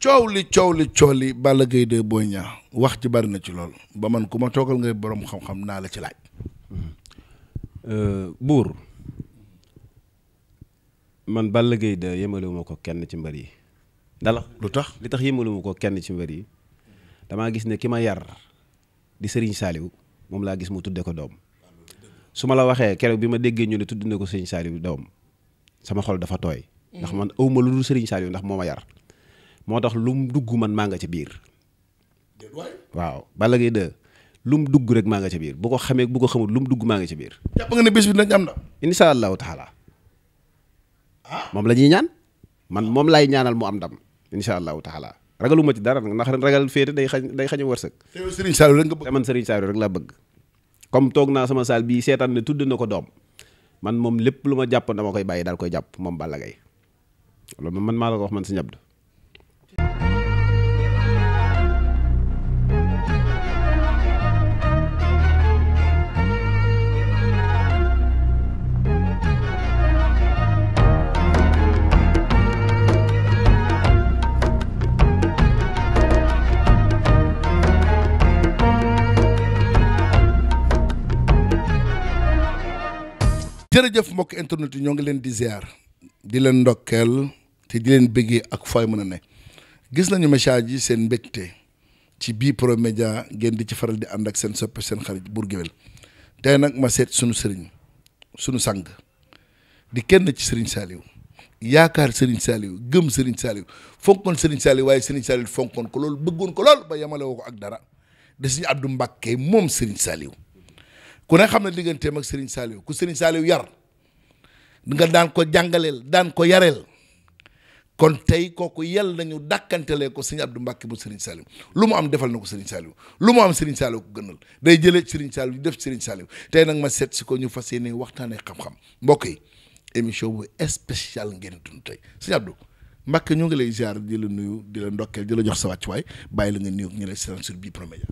coow li coow li coow li Balla Gaye de Boy wax ci bari na ci lool ba man ku ma toogal ngay boroom xam-xam naa la ci laaj. Euh, buur man Balla Gaye de yemalewuma ko kenn ci mbër yi. dala lu tax li tax yemalewuma ko kenn ci mbër yi damaa gis ne ki ma yar di Serigne Saliou moom laa gis mu tudde ko doom su ma la waxee keroog bi ma déggee ñu ne tudd na ko Serigne Saliou doom sama xol dafa tooy. ndax man awma lu dul sëriñ Saliou ndax moo ma yar. moo tax lu mu dugg man maa nga ca biir. waaw Balla Gaye 2 dugg rek maa nga ca biir bu ko xamee bu ko xamul lu mu dugg maa nga ca biir. jàpp ne bés bi dinañ am na. incha allahu taala. Ah? moom la ñuy ñaan man moom laay ñaanal mu am ndam incha allahu taala ragaluma ci dara ndax ragal féete day xañ day xañ a wërsëg. te Serigne Saliou rek nga man Serigne Saliou rek laa bëgg. comme toog naa sama saal bii seetaan ne tudd na ko doom man moom lépp lu ma jàpp dama koy bàyyi daal koy jàpp moom Balla man maa la wax man si ñabdu jërëjëf mbokk internet yi ñoo ngi leen di zear di leen ndokkeel te di leen bëggee ak fooy mën a ne gis nañu message yi seen mbégte ci bii Pro Média ngeen di ci faral di ànd ak seen soppe seen xarit Bour Gueweul tey nag ma seet suñu sëriñ sunu sang di kenn ci sëriñ Saliou yaakaar sëriñ Saliou gëm sëriñ Saliou fonkoon sëriñ Saliou waaye sëriñ Saliou fonkoon ko lool bëggoon ko lool ba yamale ko ak dara de suñu Abdou Mbacke moom sëriñ Saliou ku ne xam na digganteem ak seriñ Saliou ku Serigne Saliou yar nga daan ko jàngaleel daan ko yareel kon tey kooku yal nañu dàkkantelee ko Serigne Abdou Mbacké bu Serigne Saliou lu mu am defal na ko Serigne Saliou lu mu am Serigne Saliou ko gënal day jëlee Serigne Saliou def Serigne Saliou tey nag ma seet si ko ñu fas yéene waxtaanee xam-xam mbokk yi émission bu spéciale ngeen dund tey Serigne Abdou Mbacké ñu ngi lay ziar di la nuyu di la ndokkeel di la jox sa wàccuwaay bàyyi la nga nuyu ñu lay seetaan sur Bprod Media.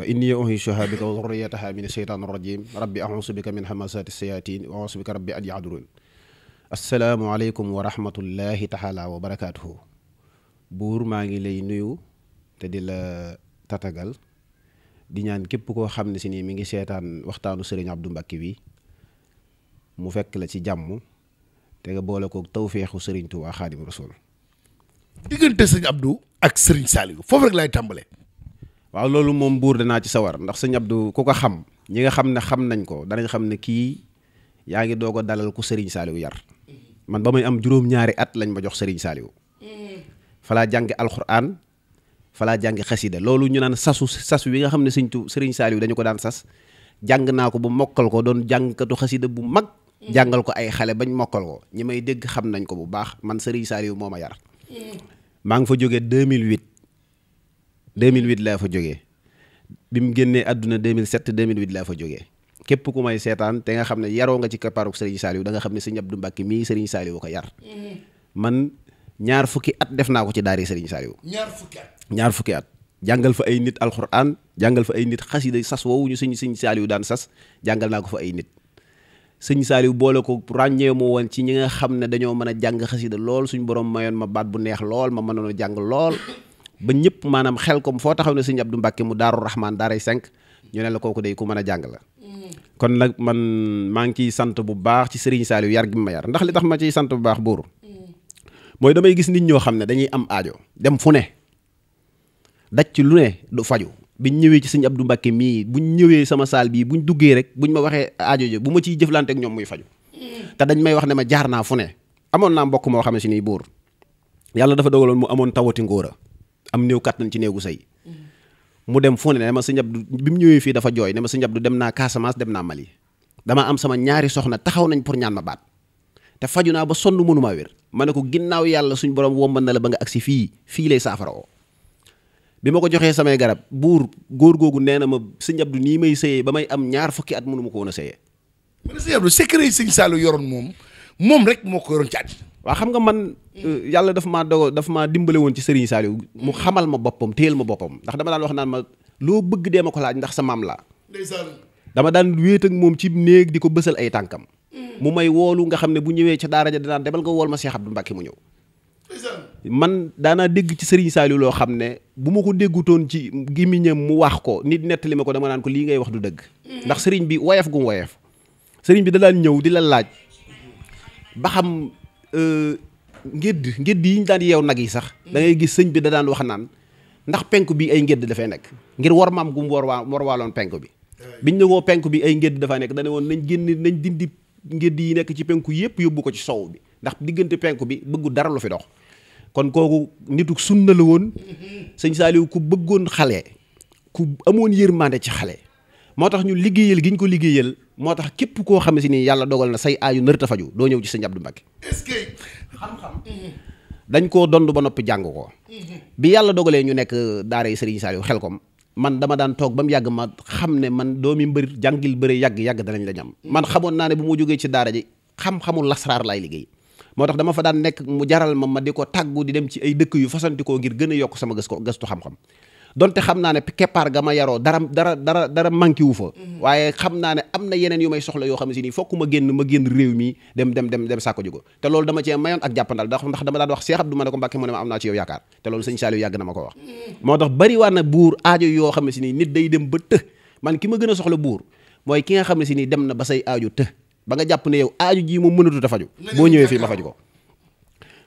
wa inni uhiishuhaa bika wa dhurriyyatahaa mina shaytaani rajiim rabbi a'uuzu bika min hamazaati sayaatiin wa a'uuzu bika rabbi an yahduruun assalaamu aleykum wa rahmatullaahi wa barakaatuhu buur maa ngi lay nuyu te di la tatagal di ñaan képp koo xam ne si nii mi ngi seetaan waxtaanu sëriñ Abdou Mbacké bi mu fekk la ci jàmm te nga boole kook tawféexu sëriñ Tuubaa Xaadimu Rasuul diggante sëriñ Abdou ak sëriñ Saliou foofu rek laay tàmbalee waaw loolu moom buur danaa ci sawar ndax sëñ du ku ko xam ñi nga xam ne xam nañ ko danañ xam ne kii yaa ngi doog ko dalal ku Serigne Saliou yar man ba may am juróom-ñaari at lañ ma jox Serigne Saliou falaa jàngi alxuraan falaa jàngi xasida loolu ñu naan sasu sas wi nga xam ne sëñ tu Serigne Saliou dañu ko daan sas jàng naa ko bu mokkal ko doon jàngkatu xasida bu mag jàngal ko ay xale bañ mokkal ko ñi may dégg xam nañ ko bu baax man Serigne Saliou moo ma yar eh. maa ngi fa jógee 2008 2008 laa fa jógee bi mu génnee àdduna 2007 2008 laa fa jógee képp ku may seetaan te nga xam ne yaroo nga ci kappaaruk Serigne Saliou nga xam ne Serigne Abdou Mbacké mii Serigne Saliou ko yar mm-hmm. man ñaar fukki at def naa ko ci daari Serigne Saliou ñaar fukki ñaar fukki at jàngal fa ay nit alxuraan jàngal fa ay nit xasida sas woowu ñu sëñ sëñ Saliou daan sas jàngal naa ko fa ay nit sëñ Saliou boole ko ràññee mu woon ci ñi nga xam ne dañoo mën a jàng xasida lool suñ borom mayoon ma baat bu neex lool ma mënoon a jàng lool ba ñëpp maanaam xel kom foo taxaw ne sëñ du Mbacke mu daaru Rahman daaray cinq ñu ne la kooku day ku mën a jàng kon nag man maa ngi ciy sant bu baax ci Serigne Saliou yar gi ndax li tax ma ciy sant bu baax buur damay gis nit ñoo xam ne dañuy am aajo dem fu ne daj ci lu ne du faju ñëwee ci sëñ Abdou Mbacke mii buñ ñëwee sama saal bii buñ duggee rek buñ ma waxee aajo jo bu ma ciy jëflante ak ñoom muy faju te dañ may wax ne ma jaar naa fu ne amoon naa mbokk moo xam ne si buur yàlla dafa dogaloon mu amoon tawati ngóora am néew kàttan ci néegu sëy mu dem foo ne ne ma sëñ Abdu bi mu ñëwee fii dafa jooy ne ma sëñ Abdu dem naa Casamance dem naa Mali dama am sama ñaari soxna taxaw nañ pour ñaan ma baat te faju naa ba sonn mënumaa wér ma ne ko ginnaaw yàlla suñ borom wombal na la ba nga si fii fii lay saafara oo bi ma ko joxee samay garab buur góor googu nee na ma sëñ Abdu nii may sëyee ba may am ñaar fukki at mënu ma ko woon a sëyee. ma ne sëñ Abdu secret moom moom rek moo ko yoroon ci waa xam nga man mm. euh, yàlla daf maa dogo daf maa dimbale woon ci Serigne Saliou mu mm. xamal ma boppam téyel ma boppam ndax dama daan wax naan ma loo bëgg dee ma ko laaj ndax sa maam laa dama daan wéet ak moom ci néeg di ko bësal ay tànkam mm. mu may woolu nga xam ne bu ñëwee ca daara ja danaan demal nga wool ma Cheikh Abdou Mbacké mu ñëw man daanaa dégg ci Serigne Saliou loo xam ne bu ma ko déggutoon ci gémmiñam mu wax ko nit nettali ma ko dama naan ko lii ngay wax du dëgg ndax Serigne bi woyef gu mu woyef Serigne bi da daan ñëw di la laaj ba xam Euh, ngédd ngédd yi ñu daan yeew nag yi sax dangay gis sëñ bi da daan wax naan ndax penku bi ay ngédd dafay nekk ngir war maam gu mu war waa war waaloon penku bi biñ ne koo penku bi ay ngédd dafay nekk dane woon nañ génn nañ dindi ngédd yi nekk ci penku yëpp yóbbu ko ci sow bi ndax diggante penku bi bëggu dara lu fi dox kon kooku nitu sunna la woon mm-hmm. sëñ Saaliw ku bëggoon xale ku amoon yërmande ci xale moo tax ñu liggéeyal giñ ko liggéeyal moo tax képp koo xam ne nii yàlla dogal na say aaju nërta faju doo ñëw ci sëñ Abdou Mbacké est dañ koo dond ba noppi jàng ko mhm. bi yàlla dogalee ñu nekk daara yi Serigne Saliou Xelkom man dama daan toog ba mu yàgg ma xam ne man doomi mbër jàngil bëre yàgg-yàgg danañ la ñam man xamoon naa ne bu mu jógee ci daara ji xam-xamul lasraar laay liggéey moo tax dama fa daan nekk mu jaral ma ma di ko tàggu di dem ci ay dëkk yu fasantikoo ngir gën a yokk sama gës ko gëstu xam donte xam naa ne keppaar ga ma yaroo dara dara dara dara manqué wu fa mhm. waaye xam naa ne am na yeneen yu may soxla yoo xam si nii fokk ma génn ma génn réew mi dem dem dem dem sàkko jugo te loolu dama cee mayoon ak jàppandal ndax ndax dama daan wax Cheikh Abdou ma ne ko Mbàkke mu ne ma am ko wax mhm. moo tax bari war na buur aajo yoo xam ne nit day dem ba man ki ma gën a soxla buur mooy ki nga xam ne si nii dem na ba say aajo të ba nga jàpp ne yow aajo jii moom mënatu ta faju boo ñëwee fii ma faju ko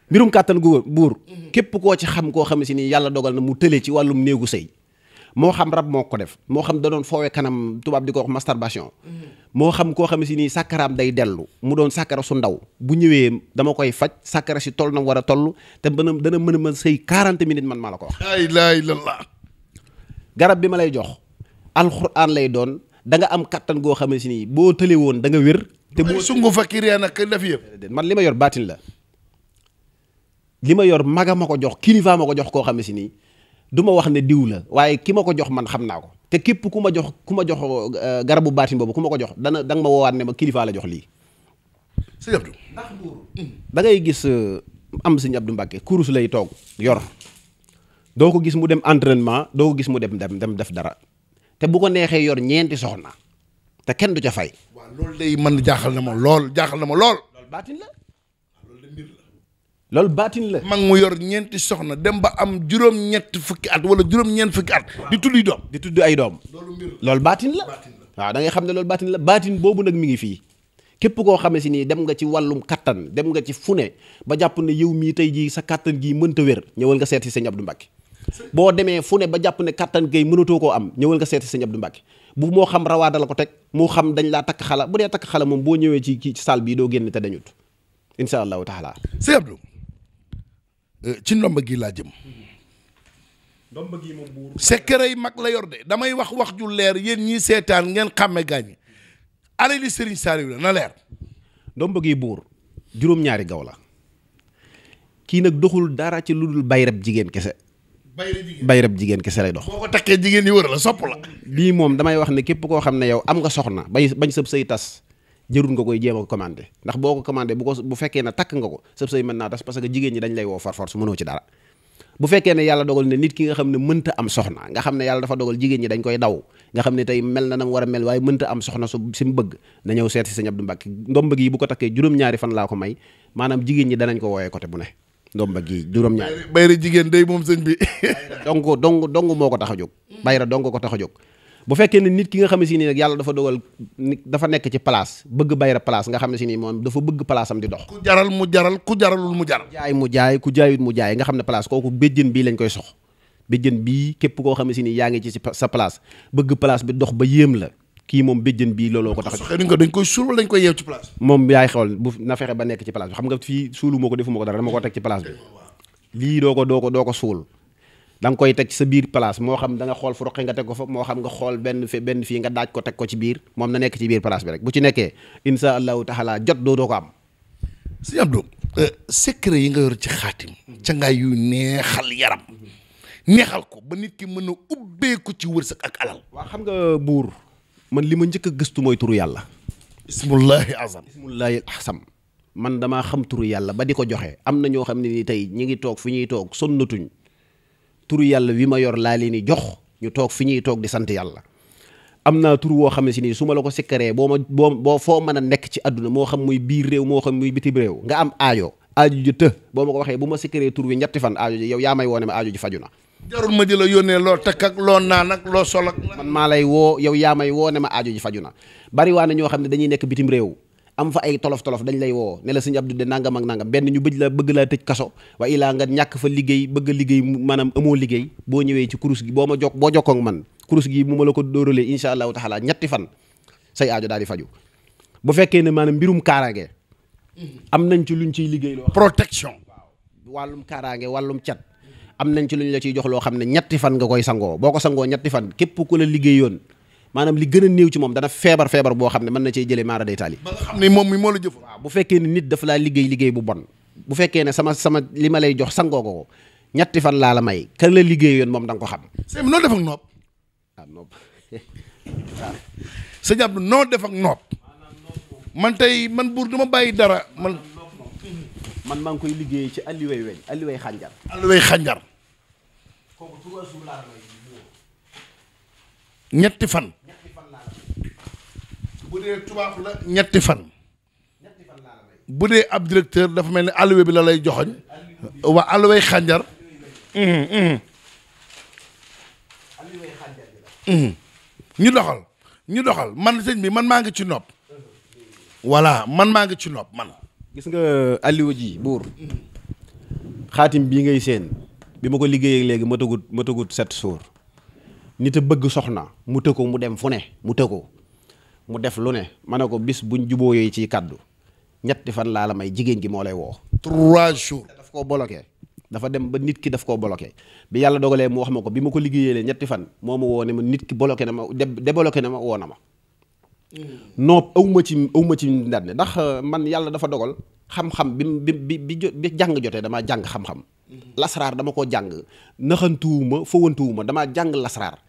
mbirum kàttan gu buur képp koo ci xam koo xam si ni yàlla dogal na mu tële ci wàllum néegu sëy moo xam rab moo ko def moo xam da doon foowee kanam tubaab di ko mastarbation moo xam koo xam si ni sàkkaraam day dellu mu doon sàkkara su ndaw bu ñëwee dama koy faj sàkkara si toll na war a toll te bana dana mën a ma sëy 40 minutes man maa la ko wax laa ilaaha garab bi ma lay jox alxuraan lay doon da nga am kattan goo xam si ni boo tële woon da nga wér te boo sungu fakkiir yaa nag def yëpp man li ma yor baatin la li ma yor maga ma ko jox kilifa ma ko jox koo xam ne nii du ma wax ne diw la waaye ki ma ko jox man xam naa ko te képp ku ma jox ku ma jox euh, garabu baatin boobu ku ma ko jox dana da la jox lii sëñ Abdou ndax mm. da ngay gis euh, am sëñ Abdou Mbàkke kurus lay toog yor doo ko gis mu dem entrainement doo ko gis mu dem dem dem def dara te bu ko neexee yor ñeenti soxna te kenn du ca fay. waaw loolu day man jaaxal na ma lool jaaxal na ma lool. loolu baatin loolu baatin la. mag mu yor ñeenti soxna dem ba am juróom-ñett fukki at wala juróom-ñeent fukki at. di tudd doom di tudd ay doom. loolu mbir baatin la. waaw da xam ne loolu baatin la baatin boobu nag mi ngi fii. képp koo xamee si nii dem nga ci wàllum kàttan dem nga ci fune ba jàpp ne yow mii tey jii sa kàttan gii mënta wér ñëwal nga seeti sa sëñ Abdou Mbacke boo demee fune ba jàpp ne kattan gay mënatoo koo am ñëwal nga seeti ñab Abdou Mbacke bu moo xam rawaada ko teg moo xam dañ laa takk xala dee takk xala moom boo ñëwee ci ci salle bii doo génn te dañut incha allahu taala sëñ Abdou Euh, ci ndomba gi laa jëm. ndomba yi mag la yor de damay wax wax ju leer yéen ñii seetaan ngeen xàmme gaañ. alali Serigne Saliou la na leer. ndomba gi buur juróom-ñaari gaw la kii nag doxul dara ci lu dul bayrab jigéen kese. bayrab jigéen kese lay dox. boo takkee jigéen yi wër la moom damay wax ne képp koo xam ne yow am nga soxna bay bañ sëb say tas jërul nga koy jéem a commandé ndax boo ko commandé bu ko bu fekkee ne takk nga ko sab sëy mën naa tas parce que jigéen ñi dañ lay woo far force mënoo ci dara bu fekkee ne yàlla dogal ne nit ki nga xam ne mënta am soxna nga xam ne yàlla dafa dogal jigéen ñi dañ koy daw nga xam ne tey mel na nam war a mel waaye mënta am soxna su si mu bëgg na ñëw seet si sëñ Abdou Mbacke ndombag yi bu ko takkee juróom-ñaari fan laa ko may maanaam jigéen ñi danañ ko woowee côté bu ne ndombag yi juróom-ñaari bayra jigéen day moom sëñ bi dong dong dong moo ko tax a jóg hmm. bayra dong ko tax a jóg bu fekkee ne nit ki nga xam ne si nii nag yàlla dafa dogal dafa nekk ci place bëgg bayra place nga xam ne si nii moom dafa bëgg place am di dox ku jaral mu jaral ku jaralul mu jaral jaay mu jaay ku jaayut mu jaay nga xam ne place kooku béjjën bii lañ koy sox béjjën bii képp koo xam ne yaa ngi ci sa place bëgg place bi dox ba yéem la kii moom béjjën bii looloo ko tax dañ koy suul dañ koy yeew ci place moom yaay xool bu na ba nekk ci place xam nga fii suulu moo ko defu ma ko dara dama ko teg ci place bi lii doo ko doo ko doo ko suul da nga koy teg sa biir place moo xam da nga xool fu roqe nga teg ko fa moo xam nga xool benn fi benn fii nga daaj ko teg ko ci biir moom na nekk ci biir place bi rek bu ci nekkee insha allahu taala jot doo doo ko am sëñ Abdou euh, secret yi nga yor ci xaatim ca ngaay yu neexal yaram neexal ko ba nit ki mën a ko ci wërsëg ak alal waa xam nga buur man li ma njëkk gëstu mooy turu yàlla ismullahi azam ismullahi ahsam man damaa xam turu yàlla ba di ko joxe am na ñoo xam ne ni tey ñi ngi toog fu ñuy toog sonnatuñ turu yàlla wi ma yor laa leen di jox ñu toog fi ñuy toog di sant yàlla am naa tur woo xam ne si nii su ma la ko sikkaree boo ma boo boo foo mën a nekk ci àdduna moo xam muy biir réew moo xam muy bitim réew nga am aajo aajo ji të boo ma ko waxee bu ma sikkaree tur wi ñetti fan aajo ji yow yaa may woo ne ma aajo ji faju na jarul ma la yónnee loo takk ak loo naan loo sol ak man lay woo yow yaa may woo ne ma aajo faju na bari waa na ñoo xam ne dañuy nekk bitim réew am fa ay tolof-tolof dañ lay woo ne la sëñ Abdou de nangam ak nangam benn ñu bëj la bëgg laa tëj kaso wa ilaa nga ñàkk fa liggéey bëgg a liggéey maanaam amoo liggéey boo ñëwee ci kurus gi boo ma jokk boo jokkoog man kurus gi mu ma la ko dóoralee insha allahu taala ñetti fan say aajo daal di faju bu fekkee ne maanaam mbirum kaaraange am nañ ci luñ ciy liggéey loo protection wàllum kaaraange wàllum cat am nañ ci luñ la ciy jox loo xam ne ñetti fan nga koy sangoo boo ko sangoo ñetti fan képp ku la liggéeyoon maanaam li gën a néew ci moom dana feebar feebar boo xam ne mën na cee jëlee maara day taali ba nga xam ne moom mi moo la jëf bu fekkee ne nit dafa laa liggéey liggéey bu bon bu fekkee ne sama sama li ma lay jox sangoo ko ñetti fan laa la may kan la liggéey yoon moom da ko xam sëñ bi noo def ak noob ah, noo def ak noob man tey man buur duma bàyyi dara man man maa ngi koy liggéey ci alliway weñ alliway xànjar alliway xànjar ñetti fan bu ñetti fan. bu dee ab directeur dafa mel ni alluwa bi la lay joxoñ waa alluway xànjar ñu doxal ñu doxal man sëñ bi man maa ngi ci nopp voilà man maa ngi ci nopp man gis nga euh, alluwa ji buur xaatim bii ngay séen bi ma ko liggéeyee léegi ma tëggut ma tëggut nit a bëgg soxna mu tëkko mu dem fu ne mu tëkko mu def lu ne ma ne ko bis buñ juboo yooyu ci kàddu ñetti fan laa la may jigéen gi moo lay woo. trois jour daf koo bloqué. dafa dem ba nit ki daf koo bloqué bi yàlla dogalee mu wax ma ko bi ma ko liggéeyee ñetti fan moo ma woo ne ma nit ki bloqué na ma débloqué na ma woo na ma. Hmm. non awma ci awma ci ndànk ndax euh, man yàlla dafa dogal xam-xam bi bi bi bi jàng jotee damaa jàng xam-xam. Hmm. lasraar dama koo jàng naxantuwuma fawantuwuma damaa jàng lasraar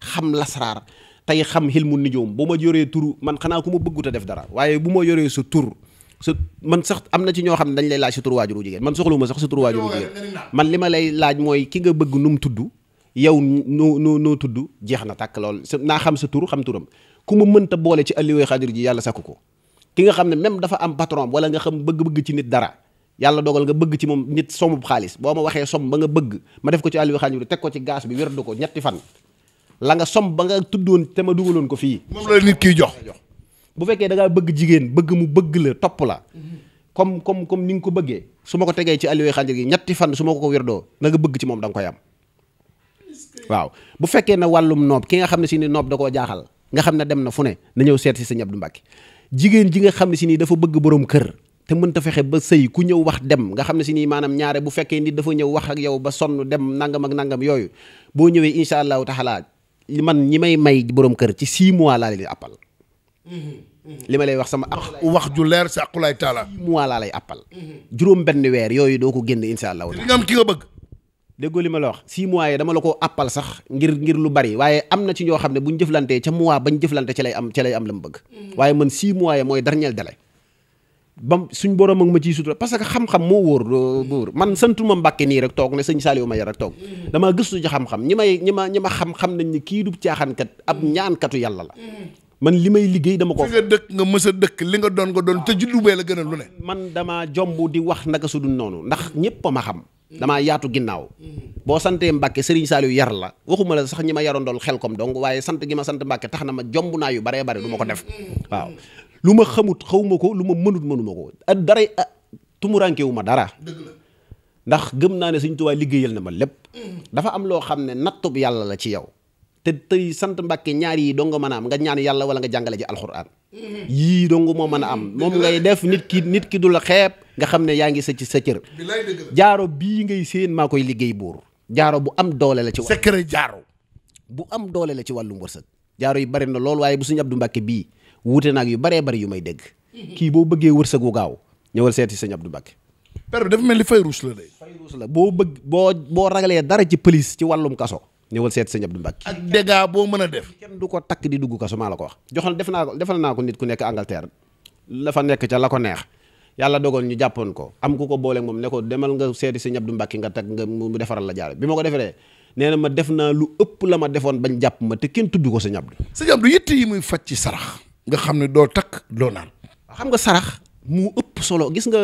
xam lasraar. tey xam xilmu nijoom bu ma yoree tur man xanaa ku ma bëgguta def dara waaye bu ma yoree sa tur sa man sax am na ci ñoo xam ne dañ lay laaj sa tur waajuru jigéen man ma sax sa tur waajuru jigéen man li ma lay laaj mooy ki nga bëgg nu mu tudd yow noo noo noo tudd jeex na tàkk lool naa xam sa tur xam turam ku ma mënta boole ci Aliou Khadir ji yàlla sakku ko ki nga xam ne même dafa am patron wala nga xam bëgg-bëgg ci nit dara yàlla dogal nga bëgg ci moom nit somub xaalis boo ma waxee som ba nga bëgg ma def ko ci Aliou Khadir teg ko ci gaas bi wér ko ñetti fan la nga som ba nga tuddoon te ma dugaloon ko fii. moom jox jox. bu fekkee da ngaa bëgg jigéen bëgg mu bëgg la topp la. comme comme comme ni nga ko bëggee. su ma ko tegee ci Aliou Khadir gi ñetti fan su ma ko ko wirdoo na nga bëgg ci moom danga nga koy am. waaw bu fekkee ne wàllum noob ki nga xam ne si ni noob da koo jaaxal nga xam ne dem na fu ne na ñëw seet si sëñ Abdou Mbacké jigéen ji nga xam ne si nii dafa bëgg borom kër te mënta fexe ba sëy ku ñëw wax dem nga xam ne si nii maanaam ñaare bu fekkee nit dafa ñëw wax ak yow ba sonn dem nangam ak nangam yooyu boo ñëwee incha allahu taala man ñi may may borom kër ci 6 mois laa lay appal. li ma lay wax sama ak wax ju leer sa aqulaay taala. 6 mois laa lay appal. juróom mbenn weer yooyu doo ko génn incha allahu. li am ki bëgg. déggoo li ma la wax 6 mois yi dama la ko appal sax ngir ngir lu bari waaye am na ci ñoo xam ne bu ñu jëflantee ca mois bañ jëflante ci lay am ca lay am la mu bëgg. Mm. waaye man 6 mois yi mooy dernier délai. ba suñ borom ak ma ciy sutura parce que xam-xam moo wóor euh, wóor man santuma Mbàkke nii rek toog ne sëñ Saliou ma yar rek toog damaa gëstu ci xam-xam ñi may ñi ma ma xam-xam nañ ni kii du caaxaankat ab ñaankatu yàlla la man li may liggéey dama ko fi nga dëkk nga mës a dëkk li nga doon nga doon te juddu bee la gën a lu ne man damaa jomb di wax naka su dul noonu ndax ñëpp a ma xam damaa yaatu ginnaaw boo santee Mbàkke Serigne Saliou yar la waxuma la sax ñi ma yaroon doon xel kom donc waaye sant gi ma sant Mbàkke tax na ma jomb yu baree bare du ma ko def lu ma xamut xawuma ko lu ma mënut mënuma ko ak daray ah, tumuranke wu ma dara ndax gëm naa ne Sëñ Tuubaa liggéeyal na ma lépp mm. dafa am loo xam ne nattub yàlla la ci yow te tey sant Mbàkke ñaar yi dong mën a am nga ñaan yàlla wala nga jàngale ji alxuraan mm-hmm. yii dong moo mën a am moom ngay def nit ki nit ki du la xeeb nga xam ne yaa ngi sa ci sa cër jaaro bii ngay séen maa koy liggéey buur jaaro bu am doole la ci secret jaaro bu am doole la ci wàllum wërsëg jaaro yi bari na lool waaye bu Sëñ Abdu Mbàkke bii wuute nag yu baree bari yu may dégg kii boo bëggee wërsëgu gaaw ñëwal seeti sëñ du Mbacké père bi dafa mel ni fay ruus la de ruus la boo bëgg boo boo ragalee dara ci police ci wàllum kaso ñëwal seet sëñ du Mbacké ak dégâts boo mën a def kenn du ko takk di dugg kaso maa la ko wax joxal def naa ko defal naa ko nit ku nekk Angleterre la fa nekk ca la ko neex yàlla dogal ñu jàppoon ko am ku ko boole moom nekkoo demal nga seeti sëñ du Mbacké nga teg nga mu defaral la jaare bi ma ko defaree nee na ma def naa lu ëpp la ma defoon bañ jàpp ma te kenn tudd ko sëñ Abdou sëñ yi muy faj ci sarax nga xam ne doo takk doo naan. xam nga sarax mu ëpp solo gis nga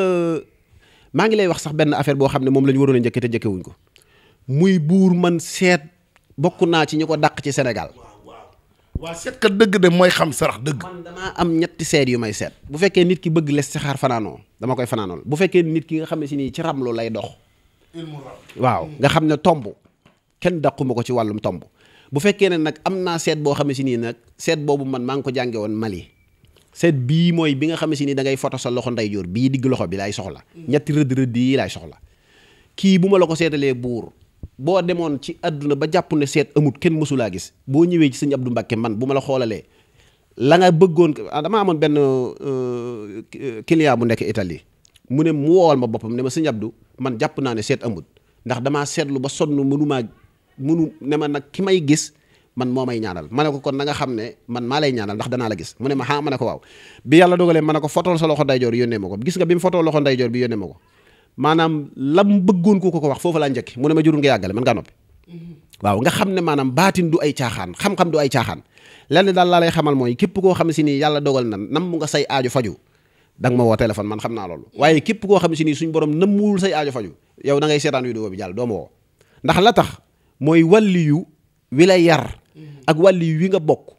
maa ngi lay wax sax benn affaire boo xam ne moom la ñu waroon a njëkkee te njëkkewuñ ko muy buur man seet bokk naa ci ñu ko dàq ci Sénégal. waa dëgg de mooy xam sarax dëgg. man am ñetti seet yu may seet. bu fekkee nit ki bëgg les saxaar fanaanoo dama koy fanaanool bu fekkee nit ki nga xam ne si nii ci ramlu lay dox. waaw nga xam ne tomb kenn dàquma ko ci wàllum tomb. bu fekkee ne nag am naa seet boo xam ne si nii nag seet boobu man maa ngi ko jànge woon Mali seet bii mooy bi nga xam ne si nii da foto sa loxo ndeyjoor bii digg loxo bi laay soxla mm. ñetti rëdd rëdd yi laay soxla kii bu ma la ko seetalee buur boo demoon ci àdduna ba jàpp ne seet amut kenn mësulaa gis boo ñëwee ci sëñ Abdou man bu ma la xoolalee la nga bëggoon ah, dama amoon benn euh, client bu nekk Italie mu ne mu ma boppam ne ma sëñ man jàpp naa ne seet amut ndax mënumaa munu ne ma nag ki may gis man moo may ñaanal ma ne ko kon na nga xam ne man maa lay ñaanal ndax danaa la gis mu ne ma ah ma ne ko waaw bi yàlla dogalee ma ne ko fotool sa loxo ndeyjoor joor ma ko gis nga bi mu fotool loxo ndeyjoor bi yónnee ma ko maanaam lam bëggoon ku ko ko wax foofu laa njëkk mu ne ma jurul nga yàggale mën ngaa noppi mm-hmm. waaw nga xam ne maanaam baatin du ay caaxaan xam-xam du ay caaxaan lenn daal laa lay xamal mooy képp koo xam si nii yàlla dogal na nam mu nga say aajo faju da nga ma woo téléphone man xam naa loolu mm-hmm. waaye képp koo xam si nii suñ borom nëmmuwul say aajo faju yow da ngay seetaan vidéo bi jàll doo ma mooy wàlliyu wi la yar ak yu wi nga bokk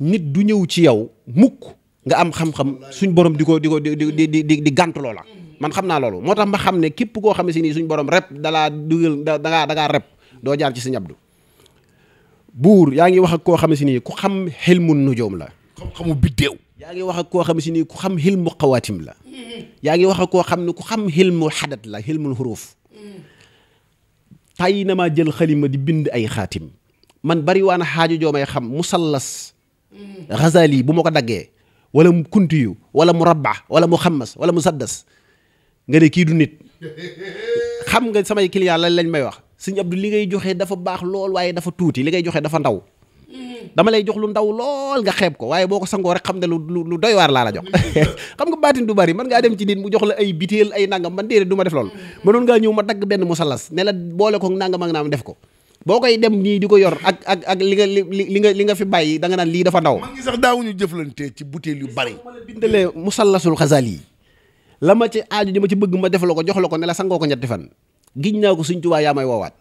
nit du ñëw ci yow mukk nga am xam-xam suñ borom di ko di ko di di di di gàntu loola man xam naa loolu moo tax ma xam ne képp koo xam ne si nii suñ borom rek dalaa dugal da dangaa dangaa rep doo jaar ci Sëñ Abdu buur yaa ngi wax ak koo xam ne si nii ku xam xilmu nujoom la xam-xamu biddéew yaa ngi wax ak koo xam si nii ku xam xilmu xawaatim la mm-hmm. yaa ngi wax ak koo xam ne ku xam xilmu xadat la xilmul xuruuf mm-hmm. tàyyi na maa jël xalima di bind ay xaatim man bari waa na xaaju joomay xam musallas mm. Ghazali bu ma ko daggee wala kuntiyu wala murabba wala muxammas wala musaddas nga ne kii du nit xam nga samay client lan lañ may wax sëñ Abdou li ngay joxe dafa baax lool waaye dafa tuuti li ngay joxe dafa ndaw dama lay jox lu ndaw lool nga xeeb ko waaye boo ko sangoo rek xam ne lu lu doy waar laa la jox xam nga baatin du bari man ngaa dem ci nit mu jox la ay bitéel ay nangam man déedéet du ma def loolu mm. mënoon ngaa ñëw ma dagg benn musalas ne la boole ko nangam def ko boo koy dem nii di ko yor ak ak ak li nga li nga li nga fi bàyyi da nga naan lii dafa ndaw man ngi sax daawuñu jëflante ci yu bari ma la bindalee musalasul yi la ma ci aaju di ma ci bëgg ma def la ko jox la ko ne la sangoo ko ñetti fan giñ naa ko suñ tubaa yaa may woowaat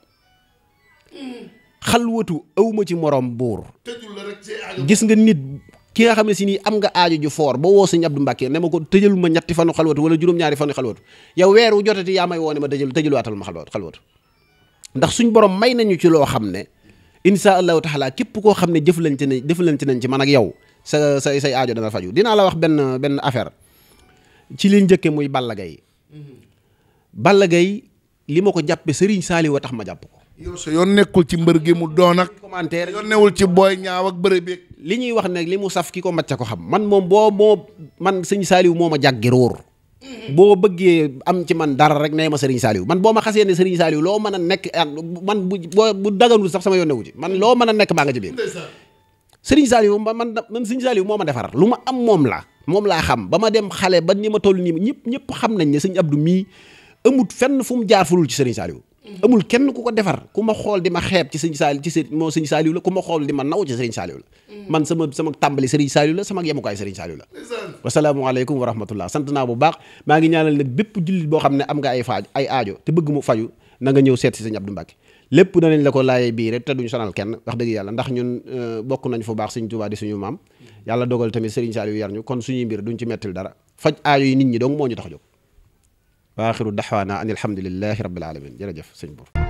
mm. xalwatu awma ci morom buur gis nga nit ki nga xam ne si nii am nga aajo ju foor boo woo sëñ Abdou Mbacke ne ma ko tëjal ma ñetti fanu xalwatu wala juróom-ñaari fanu xalwatu yow weer wu jotati yaa may woone ma tëjal tëjaluwaatal ma xalwatu ndax suñ borom may nañu ci loo xam ne insha allahu taala képp koo xam ne jëflante nañ jëflante nañ ci man ak yow sa say say aajo dana faju dinaa la wax benn benn affaire ci li njëkke muy Balla Gaye mhm. Balla ma ko jàppe Serigne Saliou a tax ma jàpp ko yow sa yoon nekkul ci mbër gi mu doon ak commentaire yoon ci booy ñaaw ak bëre li ñuy wax nag li mu saf ki ko macca ko xam man moom boo moo man sëñ Saliou moo ma jàggi róor boo bëggee am ci man dara rek nee ma Serigne Saliou man boo ma xasee ne Serigne Saliou loo mën a nekk ah, man bu bu daganul sax sama yoon newu ci man loo mën a nekk maa nga ci biir Serigne Saliou man man Serigne Saliou moo ma defar lu ma am moom la moom laa xam ba ma dem xale ba ni ma toll nii ñëpp ñëpp xam nañ ne ab du mii amut fenn fu mu jaar fulul ci Serigne Saliou amul kenn ku ko defar ku ma xool di ma xeeb ci sëñ Saaliw moo sëñ Saaliw la ku ma xool di ma naw ci sëriñ Saaliw la mm. man sama sama tàmbali sëriñ Saaliw la sama yemukaay sëriñ Saaliw la wasalaamualeykum wa rahmatullah sant naa bu baax maa ngi ñaanal nag bépp jullit boo xam ne am nga ay faaj ay aajo te bëgg mu faju na nga ñëw seet si sëñ Abdou lépp danañ la ko laayee bii rek te duñu sonal kenn wax dëgg yàlla ndax ñun euh, bokk nañ fu baax sëñ Tuubaa suñu maam mm. yàlla dogal tamit sëriñ Saaliw yar ñu kon suñuy mbir duñ ci mettil dara faj aajo yi nit ñi dong moo ñu tax jóg waaxiru daxwaana an alhamdulilahi rabbil alamin jërëjëf sëñ Bour